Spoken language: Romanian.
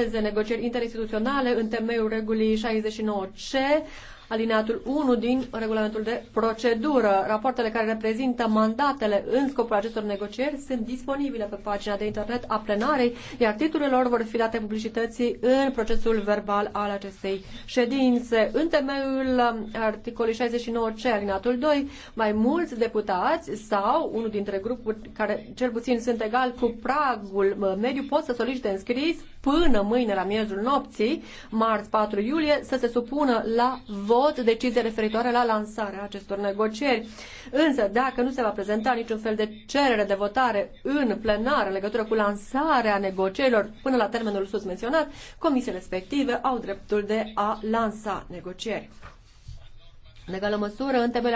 lanseze negocieri interinstituționale în temeiul regulii 69C alineatul 1 din regulamentul de procedură. Rapoartele care reprezintă mandatele în scopul acestor negocieri sunt disponibile pe pagina de internet a plenarei, iar titlurile lor vor fi date publicității în procesul verbal al acestei ședințe. În temeiul articolului 69C, alineatul 2, mai mulți deputați sau unul dintre grupuri care cel puțin sunt egal cu pragul uh, mediu pot să solicite înscris până mâine la miezul nopții, marți 4 iulie, să se supună la vot tot decizie referitoare la lansarea acestor negocieri. Însă, dacă nu se va prezenta niciun fel de cerere de votare în plenar în legătură cu lansarea negocierilor până la termenul sus menționat, comisiile respective au dreptul de a lansa negocieri. În egală măsură, în